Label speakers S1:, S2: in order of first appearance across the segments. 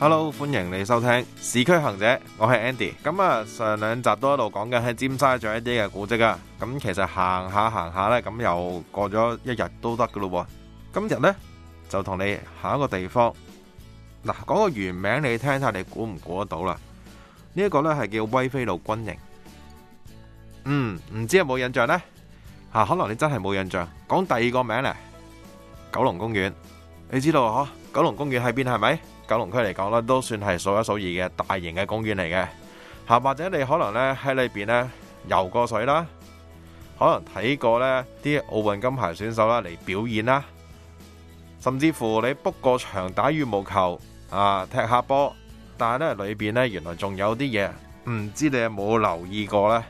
S1: hello，歡迎你收聽市區行者，我係 Andy。咁啊，上兩集都一路講緊喺尖沙咀一啲嘅古蹟啊。咁其實行下行下咧，咁又過咗一日都得噶咯。今日咧就同你行一個地方。嗱，講個原名你聽下你估唔估得到啦？呢一個咧係叫威菲路軍營。嗯，唔知有冇印象呢？吓，可能你真係冇印象。講第二個名咧，九龍公園，你知道嗬？九龍公園喺邊係咪？是九龍區嚟講咧，都算係數一數二嘅大型嘅公園嚟嘅，吓，或者你可能咧喺裏邊咧游過水啦，可能睇過咧啲奧運金牌選手啦嚟表演啦，甚至乎你 book 過場打羽毛球啊，踢下波，但係咧裏邊咧原來仲有啲嘢唔知你有冇留意過呢？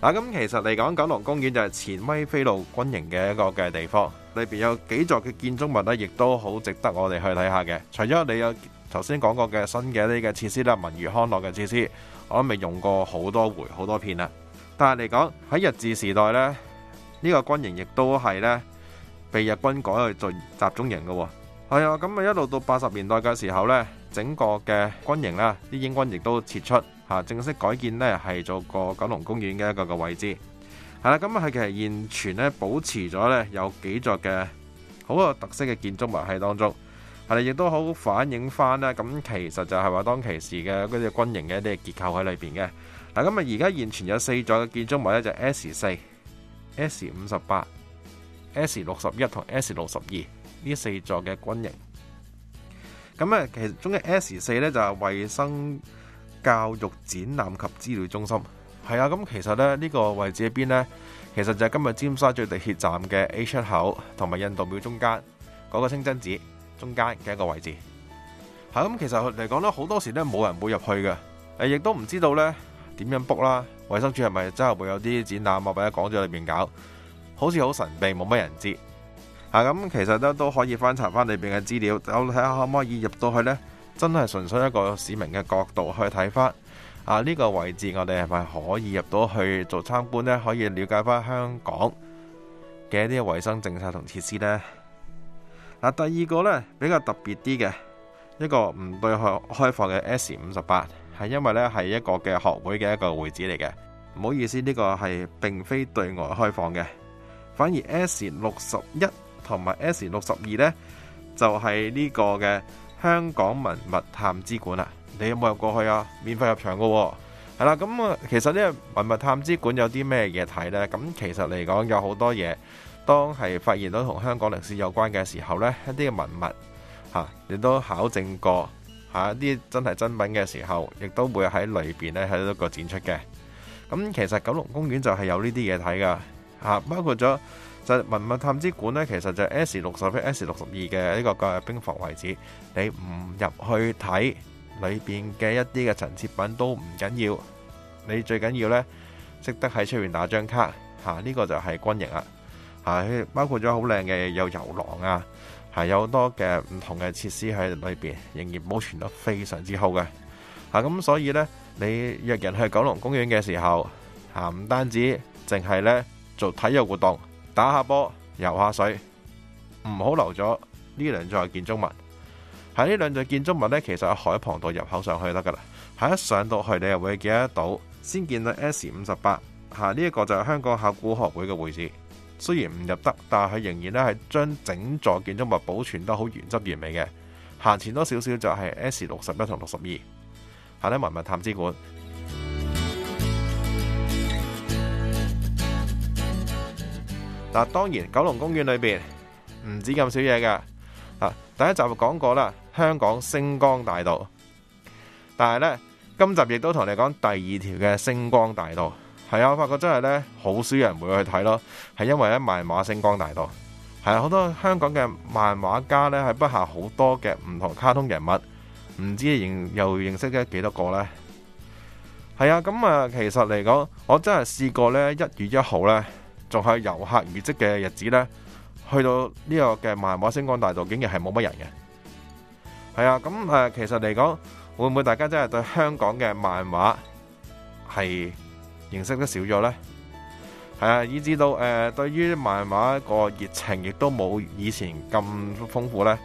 S1: 嗱，咁其實嚟講九龍公園就係前威菲路軍營嘅一個嘅地方，裏邊有幾座嘅建築物咧，亦都好值得我哋去睇下嘅。除咗你有。頭先講過嘅新嘅呢個嘅設施啦，文娛康樂嘅設施，我都未用過好多回好多遍啦。但係嚟講喺日治時代呢，呢，呢個軍營亦都係呢，被日軍改去做集中營嘅喎。係啊，咁啊一路到八十年代嘅時候呢，整個嘅軍營啦，啲英軍亦都撤出嚇，正式改建呢係做過九龍公園嘅一個個位置。係啦，咁啊係其實現存呢，保持咗呢，有幾座嘅好有特色嘅建築物喺當中。係，亦都好反映翻啦。咁其實就係話當其時嘅嗰啲軍營嘅一啲結構喺裏邊嘅。嗱，今日而家現存有四座嘅建築物咧，就係 S 四、S 五十八、S 六十一同 S 六十二呢四座嘅軍營。咁啊，其中嘅 S 四咧就係衞生教育展覽及資料中心。係啊，咁其實咧呢個位置喺邊呢？其實就係今日尖沙咀地鐵站嘅 A 出口同埋印度廟中間嗰個清真寺。中間嘅一個位置，吓咁其實嚟講咧，好多時咧冇人會入去嘅，誒亦都唔知道呢點樣 book 啦。衛生署係咪真係會有啲展覽啊？或者講座裏邊搞，好似好神秘，冇乜人知。吓咁其實都可以翻查翻裏邊嘅資料，睇下可唔可以入到去呢？真係純粹一個市民嘅角度去睇翻，啊呢個位置我哋係咪可以入到去做參觀呢？可以了解翻香港嘅一啲衛生政策同設施呢。嗱，第二個呢，比較特別啲嘅一個唔對開開放嘅 S 五十八，係因為呢係一個嘅學會嘅一個會址嚟嘅，唔好意思，呢、呢個係並非對外開放嘅，反而 S 六十一同埋 S 六十二咧就係、係、呢個嘅香港文物探知館啦，你有冇入過去啊？免費入場噶、哦，係啦，咁啊，其實呢個文物探知館有啲咩嘢睇呢？咁其實嚟講有好多嘢。當係發現到同香港歷史有關嘅時候呢，一啲嘅文物嚇，亦都考證過係一啲真係真品嘅時候，亦都會喺裏邊呢喺呢個展出嘅。咁其實九龍公園就係有呢啲嘢睇噶嚇，包括咗就文物探知館呢，其實就是 S 六十 S 六十二嘅呢個個兵房位置，你唔入去睇裏邊嘅一啲嘅陳設品都唔緊要，你最緊要呢，識得喺出面打一張卡嚇，呢、這個就係軍營啦。包括咗好靚嘅，有遊廊啊，係有好多嘅唔同嘅設施喺裏邊，仍然保存得非常之好嘅。吓、啊、咁，所以呢，你約人去九龍公園嘅時候，吓、啊、唔單止淨係呢做體育活動，打下波、遊下水，唔好留咗呢兩座建築物。喺呢兩座建築物呢，其實喺海旁道入口上去得噶啦。喺、啊、一上到去，你又會記得到先見到 S 五十八，吓、呢、這、一個就係香港考古學會嘅會址。雖然唔入得，但係佢仍然咧係將整座建築物保存得好原汁原味嘅。行前多少少就係 S 六十一同六十二，下咧文物探知館。嗱， 當然九龍公園裏邊唔止咁少嘢嘅。第一集講過啦，香港星光大道，但係呢，今集亦都同你講第二條嘅星光大道。係啊，我發覺真係咧，好少人會去睇咯，係因為咧漫畫星光大道，係啊，好多香港嘅漫畫家咧喺筆下好多嘅唔同卡通人物，唔知認又認識咗幾多個呢。係啊，咁、嗯、啊，其實嚟講，我真係試過咧，一月一號咧，仲係遊客如鯽嘅日子咧，去到呢個嘅漫畫星光大道，竟然係冇乜人嘅。係啊，咁、嗯、誒，其實嚟講，會唔會大家真係對香港嘅漫畫係？認識得少咗咧，係啊，以至到誒、呃、對於漫畫一個熱情亦都冇以前咁豐富咧。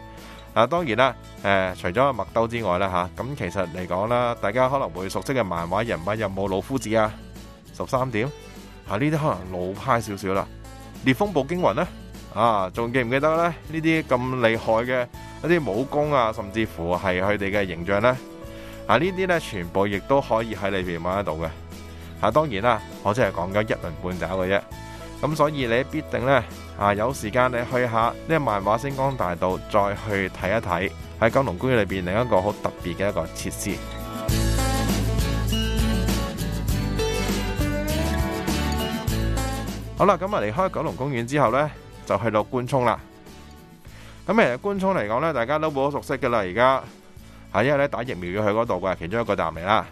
S1: 啊，當然啦，誒、呃、除咗麥兜之外啦，嚇、啊、咁其實嚟講啦，大家可能會熟悉嘅漫畫人物有冇老夫子啊、十三點啊？呢啲可能老派少少啦。烈風暴驚雲咧，啊，仲記唔記得咧？呢啲咁厲害嘅一啲武功啊，甚至乎係佢哋嘅形象咧，啊，這些呢啲咧全部亦都可以喺裏邊玩得到嘅。嗱、啊，當然啦，我只係講咗一輪半爪嘅啫，咁所以你必定呢，啊，有時間你去下呢個漫畫星光大道，再去睇一睇喺九龍公園裏邊另一個好特別嘅一個設施。 好啦，咁啊離開九龍公園之後呢，就去到官涌啦。咁其實官涌嚟講呢，大家都好熟悉嘅啦，而家係因為咧打疫苗要去嗰度嘅，其中一個站嚟啦。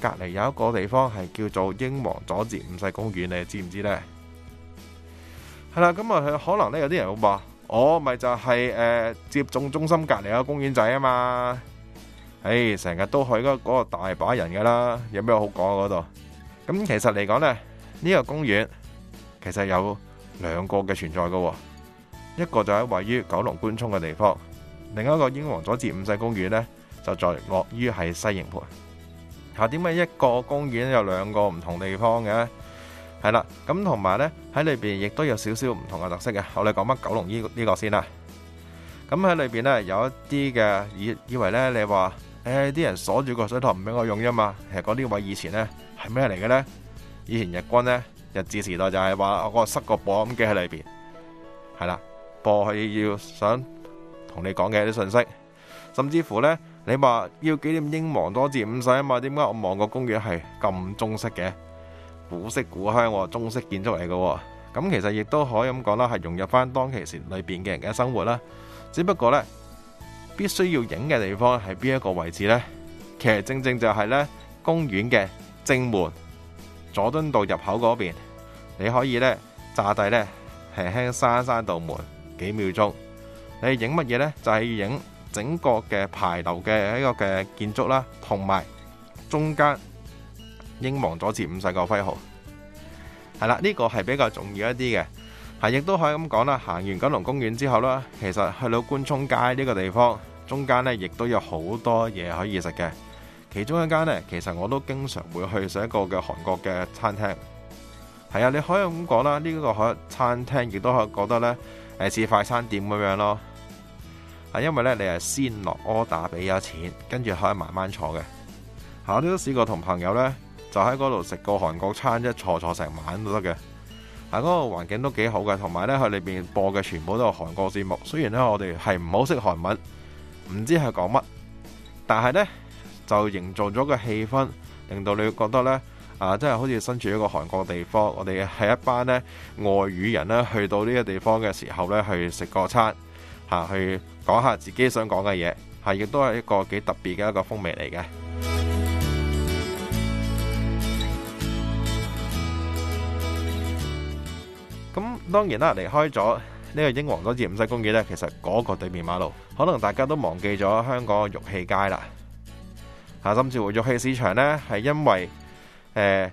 S1: 隔籬有一個地方係叫做英皇佐治五世公園，你知唔知咧？係啦，咁啊，佢可能咧有啲人會話，我咪就係誒接種中心隔籬嗰個公園仔啊嘛。誒，成日都去嗰嗰個大把人噶啦，有咩好講啊嗰度？咁其實嚟講咧，呢個公園其實有兩個嘅存在噶，一個就喺位於九龍官涌嘅地方，另一個英皇佐治五世公園咧就在落於喺西營盤。嚇點解一個公園有兩個唔同地方嘅？係啦，咁同埋咧喺裏邊亦都有少少唔同嘅特色嘅。我哋講返九龍呢呢個先啦。咁喺裏邊咧有一啲嘅以以為咧你話，誒啲人鎖住個水塘唔俾我用啫嘛。其實嗰啲位以前咧係咩嚟嘅咧？以前日軍咧日治時代就係話我個塞個播音機喺裏邊，係啦，播去要想同你講嘅啲信息，甚至乎咧。你話要紀念英王佐治五世啊嘛，點解我望個公園係咁中式嘅？古色古香，中式建築嚟嘅。咁其實亦都可以咁講啦，係融入翻當其時裏邊嘅人嘅生活啦。只不過咧，必須要影嘅地方係邊一個位置咧？其實正正就係咧公園嘅正門，佐敦道入口嗰邊。你可以咧，揸低咧，輕輕閂閂道門，幾秒鐘。你影乜嘢咧？就係要影。整個嘅牌樓嘅一個嘅建築啦，同埋中間英皇佐治五世嘅徽號係啦，呢個係比較重要一啲嘅，係亦都可以咁講啦。行完九龍公園之後啦，其實去到官涌街呢個地方，中間呢亦都有好多嘢可以食嘅。其中一間呢，其實我都經常會去食一個嘅韓國嘅餐廳。係啊，你可以咁講啦，呢個可餐廳亦都可以覺得呢，誒似快餐店咁樣咯。係因為咧，你係先落 order 俾咗錢，跟住可以慢慢坐嘅。嚇，我都試過同朋友呢，就喺嗰度食個韓國餐，坐一坐坐成晚都得嘅。嚇，嗰個環境都幾好嘅，同埋呢，佢裏邊播嘅全部都係韓國節目。雖然呢，我哋係唔好識韓文，唔知係講乜，但係呢，就營造咗個氣氛，令到你覺得呢，啊，真係好似身處一個韓國地方。我哋係一班呢，外語人呢，去到呢個地方嘅時候呢，去食個餐嚇、啊、去。講下自己想講嘅嘢，係亦都係一個幾特別嘅一個風味嚟嘅。咁當然啦，離開咗呢個英皇佐治五世公園咧，其實嗰個對面馬路可能大家都忘記咗香港嘅玉器街啦。吓，甚至乎玉器市場咧，係因為誒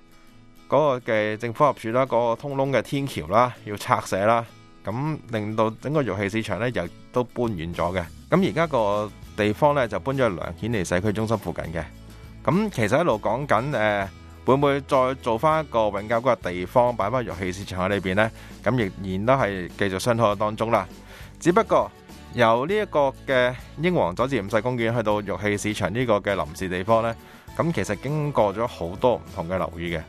S1: 嗰個嘅政府合署啦，嗰個通窿嘅天橋啦要拆卸啦，咁令到整個玉器市場咧又。都搬完咗嘅，咁而家個地方呢就搬咗去梁顯利社區中心附近嘅。咁其實一路講緊誒，會唔會再做翻一個永久嗰個地方擺翻玉器市場喺裏邊呢？咁仍然都係繼續商討當中啦。只不過由呢一個嘅英皇佐治五世公園去到玉器市場呢個嘅臨時地方呢，咁其實經過咗好多唔同嘅樓宇嘅。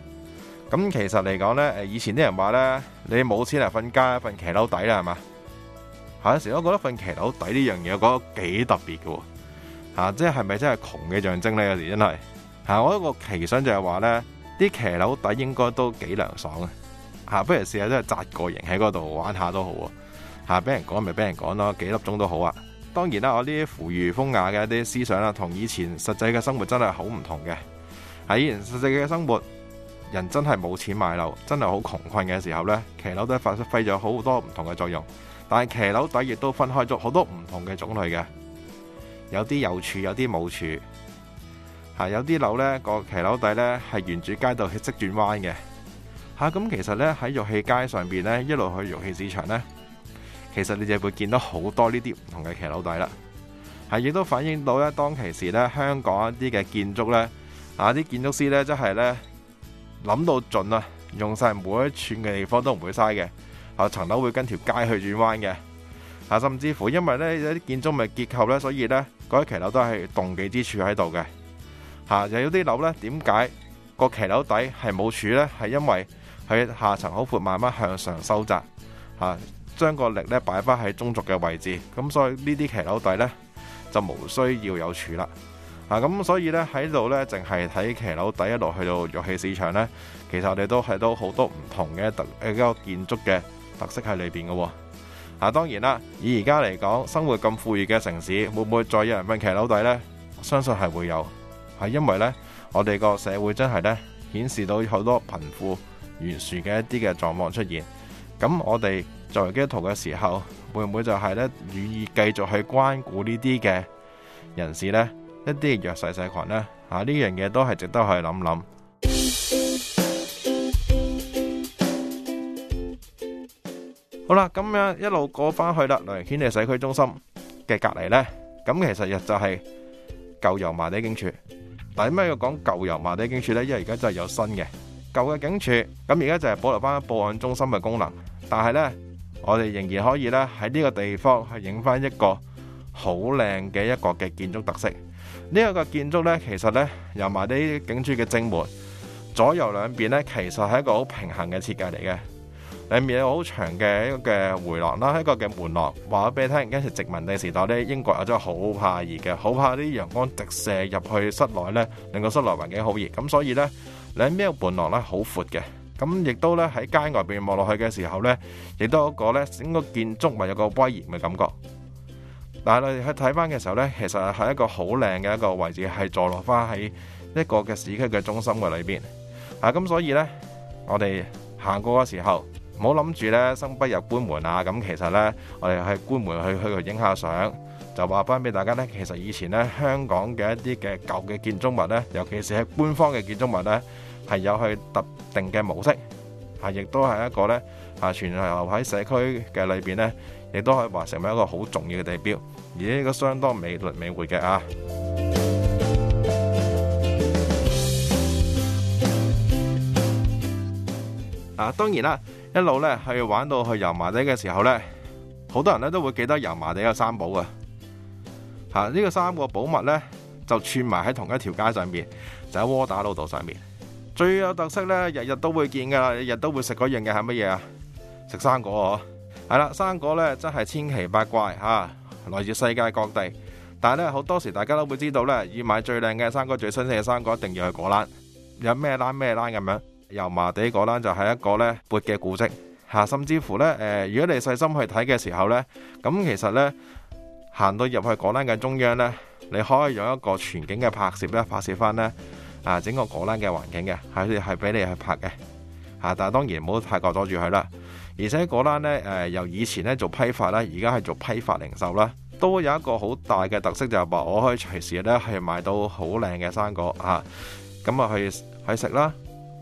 S1: 咁其實嚟講呢，誒以前啲人話呢，你冇錢嚟瞓街，瞓騎樓底啦係嘛。有時我覺得份騎樓底呢樣嘢我覺得幾特別嘅吓，即係係咪真係窮嘅象徵咧？有時真係嚇。我一個奇想就係話咧，啲騎樓底應該都幾涼爽嘅嚇。不如試下真係紮個營喺嗰度玩下都好啊吓，俾人講咪俾人講咯，幾粒鐘都好啊。當然啦，我呢啲附庸風雅嘅一啲思想啦，同以前實際嘅生活真係好唔同嘅。喺以前實際嘅生活，人真係冇錢買樓，真係好窮困嘅時候咧，騎樓都係發揮咗好多唔同嘅作用。但係騎樓底亦都分開咗好多唔同嘅種類嘅，有啲有柱，有啲冇柱，吓有啲樓咧個騎樓底咧係沿住街道去即轉彎嘅，吓咁其實咧喺玉器街上邊咧一路去玉器市場咧，其實你就會見到好多呢啲唔同嘅騎樓底啦，係亦都反映到咧當其時咧香港一啲嘅建築咧啊啲建築師咧真係咧諗到盡啊，用晒每一寸嘅地方都唔會嘥嘅。啊，層樓會跟條街去轉彎嘅，啊，甚至乎因為咧有啲建築物結構咧，所以咧嗰啲騎樓都係動忌之處喺度嘅。嚇，又有啲樓咧，點解個騎樓底係冇柱咧？係因為佢下層好闊，慢慢向上收窄，嚇，將個力咧擺翻喺中軸嘅位置，咁所以呢啲騎樓底咧就無需要有柱啦。啊，咁所以咧喺度咧淨係睇騎樓底一路去到玉器市場咧，其實我哋都係都好多唔同嘅特誒一個建築嘅。特色喺裏邊嘅、哦，吓、啊、當然啦，以而家嚟講，生活咁富裕嘅城市，會唔會再有人瞓騎樓底呢？相信係會有，係因為呢，我哋個社會真係呢，顯示到好多貧富懸殊嘅一啲嘅狀況出現。咁我哋作為基督徒嘅時候，會唔會就係呢，願意繼續去關顧呢啲嘅人士呢？一啲弱勢社群呢？吓、啊、呢樣嘢都係值得去諗諗。好啦，咁樣一路過翻去啦，嚟到圈地社區中心嘅隔籬咧，咁其實亦就係舊油麻地警署。但係點解要講舊油麻地警署咧？因為而家真係有新嘅舊嘅警署，咁而家就係保留翻報案中心嘅功能。但係咧，我哋仍然可以咧喺呢個地方去影翻一個好靚嘅一個嘅建築特色。呢一個建築咧，其實咧油麻地警署嘅正門，左右兩邊咧其實係一個好平衡嘅設計嚟嘅。裏面有好長嘅一個嘅回廊啦，一個嘅門廊。話咗俾你聽，跟住殖民地時代咧，英國有真係好怕熱嘅，好怕啲陽光直射入去室內咧，令個室內環境好熱。咁所以咧，兩邊嘅門廊咧好闊嘅，咁亦都咧喺街外邊望落去嘅時候咧，亦都有一個咧整個建築物有個威嚴嘅感覺。但係你去睇翻嘅時候咧，其實係一個好靚嘅一個位置，係坐落翻喺一個嘅市區嘅中心嘅裏邊啊。咁所以咧，我哋行過嘅時候。唔好諗住咧，生不入官門啊！咁其實咧，我哋去官門去去去影下相，就話翻俾大家咧。其實以前咧，香港嘅一啲嘅舊嘅建築物咧，尤其是喺官方嘅建築物咧，係有佢特定嘅模式，啊，亦都係一個咧啊，傳留喺社區嘅裏邊咧，亦都可以話成為一個好重要嘅地標，而呢個相當美輪美奐嘅啊！啊，當然啦～一路咧去玩到去油麻地嘅時候咧，好多人咧都會記得油麻地有三寶啊！吓、這、呢個三個寶物咧就串埋喺同一條街上面，就喺窩打老道上面。最有特色咧，日日都會見噶啦，日日都會食嗰樣嘢係乜嘢啊？食生果嗬，係啦，生果咧真係千奇百怪吓、啊，來自世界各地。但係咧好多時大家都會知道咧，要買最靚嘅生果，最新鮮嘅生果，一定要去果欄，有咩欄咩欄咁樣。油麻地果欄就係一個呢鉢嘅古蹟，吓，甚至乎呢，誒，如果你細心去睇嘅時候呢，咁其實呢，行到入去果欄嘅中央呢，你可以用一個全景嘅拍攝呢，拍攝翻呢啊整個果欄嘅環境嘅，係，係俾你去拍嘅吓。但係當然唔好太過阻住佢啦。而且果欄呢，誒，由以前呢做批發啦，而家係做批發零售啦，都有一個好大嘅特色就係話，我可以隨時呢係買到好靚嘅生果吓，咁啊去去食啦。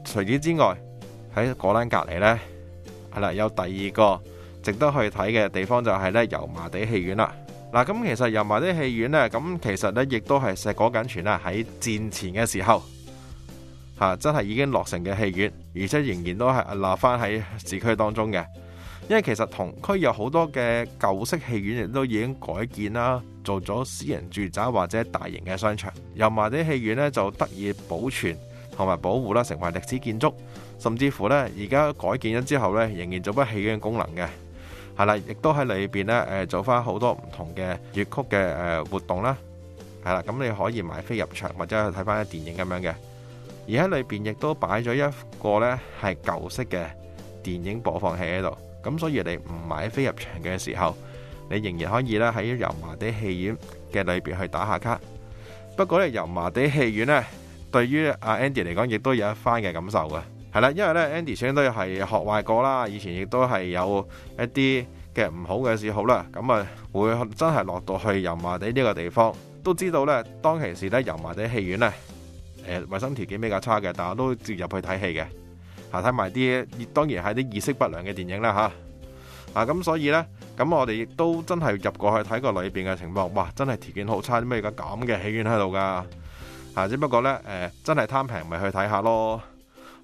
S1: 除此之外，喺果欄隔離呢，係啦，有第二個值得去睇嘅地方就係呢油麻地戲院啦。嗱，咁其實油麻地戲院呢，咁其實呢，亦都係碩果僅存啦。喺戰前嘅時候，嚇真係已經落成嘅戲院，而且仍然都係留翻喺市區當中嘅。因為其實同區有好多嘅舊式戲院，亦都已經改建啦，做咗私人住宅或者大型嘅商場。油麻地戲院呢，就得以保存。同埋保護啦，成為歷史建築，甚至乎咧而家改建咗之後咧，仍然做得起戲院嘅功能嘅，係啦，亦都喺裏邊咧誒做翻好多唔同嘅粵曲嘅誒活動啦，係啦，咁你可以買飛入場或者去睇翻啲電影咁樣嘅，而喺裏邊亦都擺咗一個咧係舊式嘅電影播放器喺度，咁所以你唔買飛入場嘅時候，你仍然可以咧喺油麻地戲院嘅裏邊去打下卡，不過咧油麻地戲院咧。對於阿 Andy 嚟講，亦都有一番嘅感受嘅，係啦，因為咧 Andy 始終都係學壞過啦，以前亦都係有一啲嘅唔好嘅嗜好啦，咁啊會真係落到去油麻地呢個地方，都知道咧當其時咧油麻地戲院咧誒衞生條件比較差嘅，但係我都接入去睇戲嘅，嚇睇埋啲當然係啲意識不良嘅電影啦吓，嚇、啊、咁所以咧咁我哋亦都真係入過去睇過裏邊嘅情況，哇！真係條件好差啲咩而家咁嘅戲院喺度㗎。啊！只不過咧，誒、欸、真係貪平咪去睇下咯。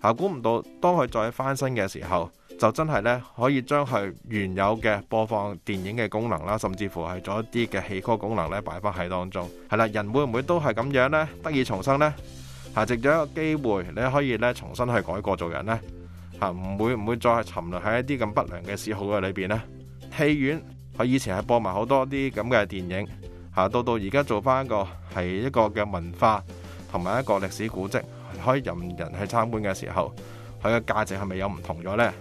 S1: 嚇、啊，估唔到當佢再翻新嘅時候，就真係咧可以將佢原有嘅播放電影嘅功能啦，甚至乎係做一啲嘅戲曲功能咧擺翻喺當中。係啦，人會唔會都係咁樣咧？得以重生咧？嚇、啊，藉咗一個機會，你可以咧重新去改過做人咧？嚇、啊，唔會唔會再沉淪喺一啲咁不良嘅嗜好嘅裏邊咧？戲院佢以前係播埋好多啲咁嘅電影，嚇、啊、到到而家做翻一個係一個嘅文化。同埋一個歷史古蹟，可以任人去參觀嘅時候，佢嘅價值係咪有唔同咗呢？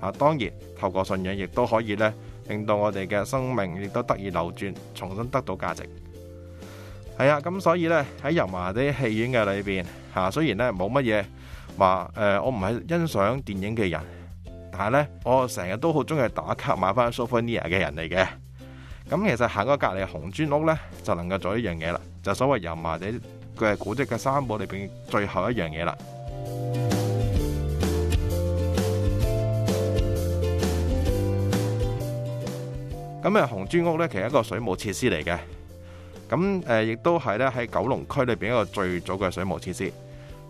S1: 啊，當然透過信仰亦都可以咧，令到我哋嘅生命亦都得以流轉，重新得到價值係啊。咁所以呢，喺油麻地戲院嘅裏邊吓，雖然呢冇乜嘢話誒，我唔係欣賞電影嘅人，但係呢，我成日都好中意打卡買翻 souvenir 嘅人嚟嘅。咁其實行個隔離紅磚屋呢，就能夠做一樣嘢啦。就所謂油麻地。佢係古蹟嘅三寶裏邊最後一樣嘢啦。咁啊，紅磚屋咧，其實一個水務設施嚟嘅。咁誒，亦都係咧喺九龍區裏邊一個最早嘅水務設施。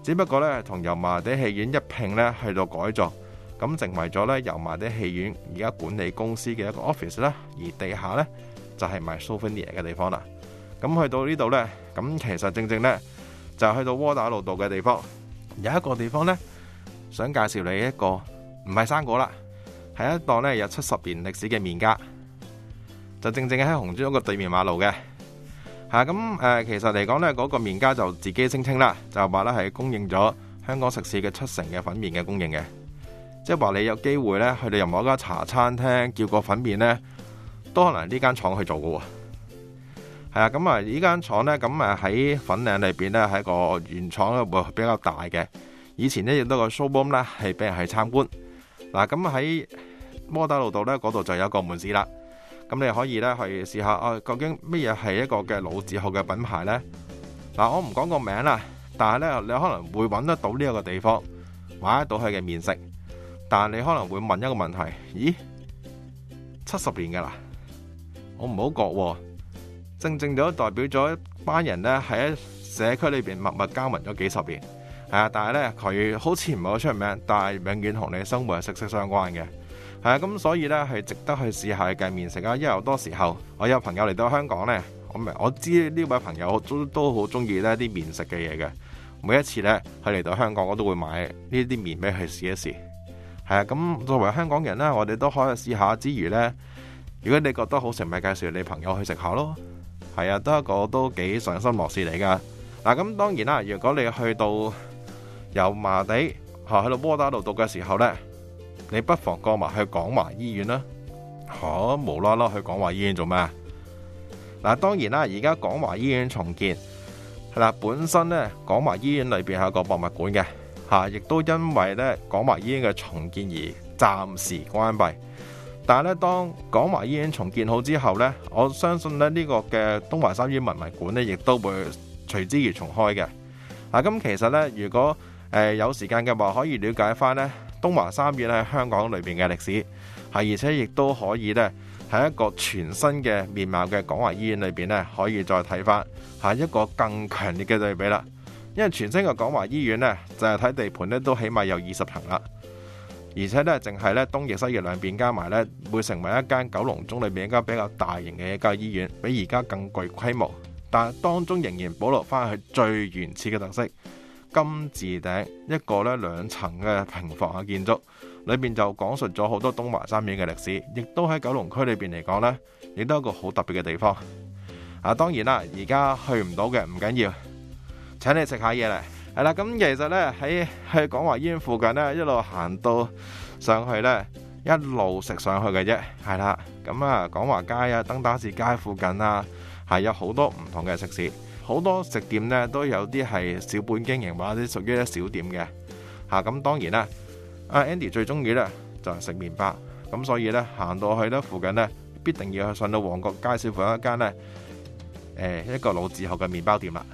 S1: 只不過咧，同油麻地戲院一拼咧去到改造，咁成為咗咧油麻地戲院而家管理公司嘅一個 office 啦。而地下咧就係賣 Souvenir 嘅地方啦。咁去到呢度呢，咁其實正正呢，就去到窩打老道嘅地方，有一個地方呢，想介紹你一個唔係生果啦，係一檔呢有七十年歷史嘅麵家，就正正喺紅磚屋嗰個對面馬路嘅。咁、啊、其實嚟講呢，嗰、那個麵家就自己聲稱啦，就話呢係供應咗香港食肆嘅七成嘅粉麵嘅供應嘅，即係話你有機會呢，去到任何一間茶餐廳叫個粉麵呢，都可能呢間廠去做嘅喎。係啊，咁啊，呢間廠咧，咁啊喺粉嶺裏邊咧，係個原廠會比較大嘅。以前呢，亦都個 s h o w b o o m 咧，係俾人去參觀。嗱，咁喺摩打路道咧，嗰度就有一個門市啦。咁你可以咧去試下、啊，究竟咩嘢係一個嘅老字號嘅品牌咧？嗱，我唔講個名啦，但係咧你可能會揾得到呢一個地方，買得到佢嘅面色。但係你可能會問一個問題，咦，七十年噶啦，我唔好覺。正正都代表咗一班人咧，喺社區裏面默默耕耘咗幾十年，係啊。但係咧，佢好似唔係好出名，但係永遠同你生活係息息相關嘅，係啊。咁所以咧係值得去試下嘅麵食啊。因為好多時候我有朋友嚟到香港咧，我唔係我知呢位朋友都都好中意呢啲麵食嘅嘢嘅。每一次咧佢嚟到香港，我都會買呢啲麵俾佢試一試，係啊。咁作為香港人咧，我哋都可以試下之餘咧，如果你覺得好食咪介紹你朋友去食下咯。係啊，都一個都幾上心樂事嚟噶。嗱，咁當然啦，如果你去到油麻地吓去到波打度讀嘅時候呢，你不妨過埋去廣華醫院啦。吓、啊，無啦啦去廣華醫院做咩？嗱，當然啦，而家廣華醫院重建係啦，本身呢，廣華醫院裏邊係一個博物館嘅吓，亦都因為呢廣華醫院嘅重建而暫時關閉。但係咧，當廣華醫院重建好之後呢，我相信咧，呢個嘅東華三院文物館呢亦都會隨之而重開嘅。啊，咁其實呢，如果誒有時間嘅話，可以了解翻呢東華三院喺香港裏邊嘅歷史，係，而且亦都可以呢喺一個全新嘅面貌嘅廣華醫院裏邊呢，可以再睇翻係一個更強烈嘅對比啦。因為全新嘅廣華醫院呢，就係睇地盤呢都起碼有二十層啦。而且咧，淨係咧東翼、西翼兩邊加埋咧，會成為一間九龍中裏面一間比較大型嘅一間醫院，比而家更具規模。但係當中仍然保留翻佢最原始嘅特色——金字頂，一個咧兩層嘅平房嘅建築，裏面，就講述咗好多東華三院嘅歷史，亦都喺九龍區裏邊嚟講咧，亦都有一個好特別嘅地方。啊，當然啦，而家去唔到嘅唔緊要，請你食下嘢嚟。係啦，咁其實呢，喺喺廣華醫院附近呢，一路行到上去呢，一路食上去嘅啫。係啦，咁啊，廣華街啊、登打士街附近啊，係有好多唔同嘅食肆，好多食店呢都有啲係小本經營或者屬於一小店嘅。吓，咁當然啦，Andy 最中意呢就係食麵包，咁所以呢，行到去呢附近呢，必定要去上到旺角街市附近一間呢，誒，一個老字號嘅麵包店啦。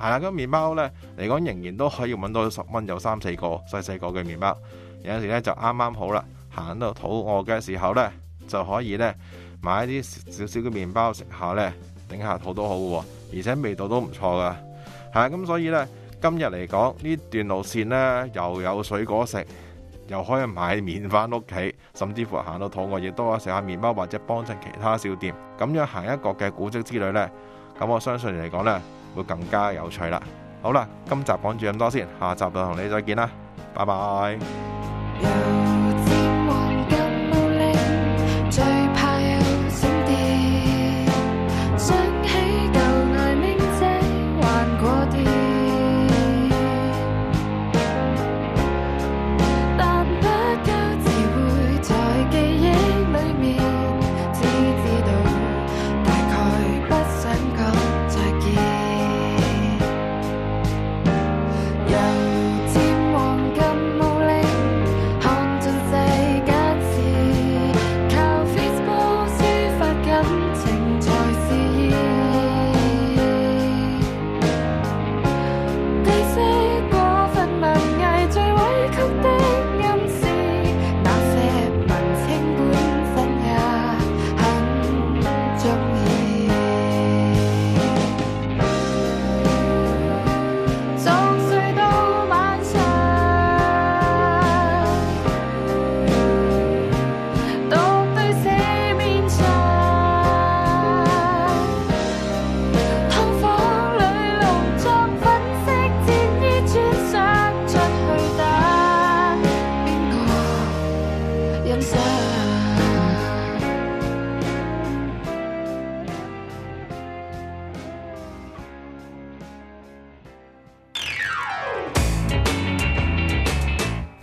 S1: 係啦，咁麵包呢，嚟講仍然都可以揾到十蚊有三四個細細個嘅麵包，有陣時呢，就啱啱好啦，行到肚餓嘅時候呢，就可以呢買一啲少少嘅麵包食下呢，頂下肚都好嘅，而且味道都唔錯㗎。係咁所以呢，今日嚟講呢段路線呢，又有水果食，又可以買麵返屋企，甚至乎行到肚餓亦都可以食下麵包或者幫襯其他小店，咁樣行一個嘅古蹟之旅呢，咁我相信嚟講呢。更加有趣啦！好啦，今集講住咁多先，下集就同你再見啦，拜拜。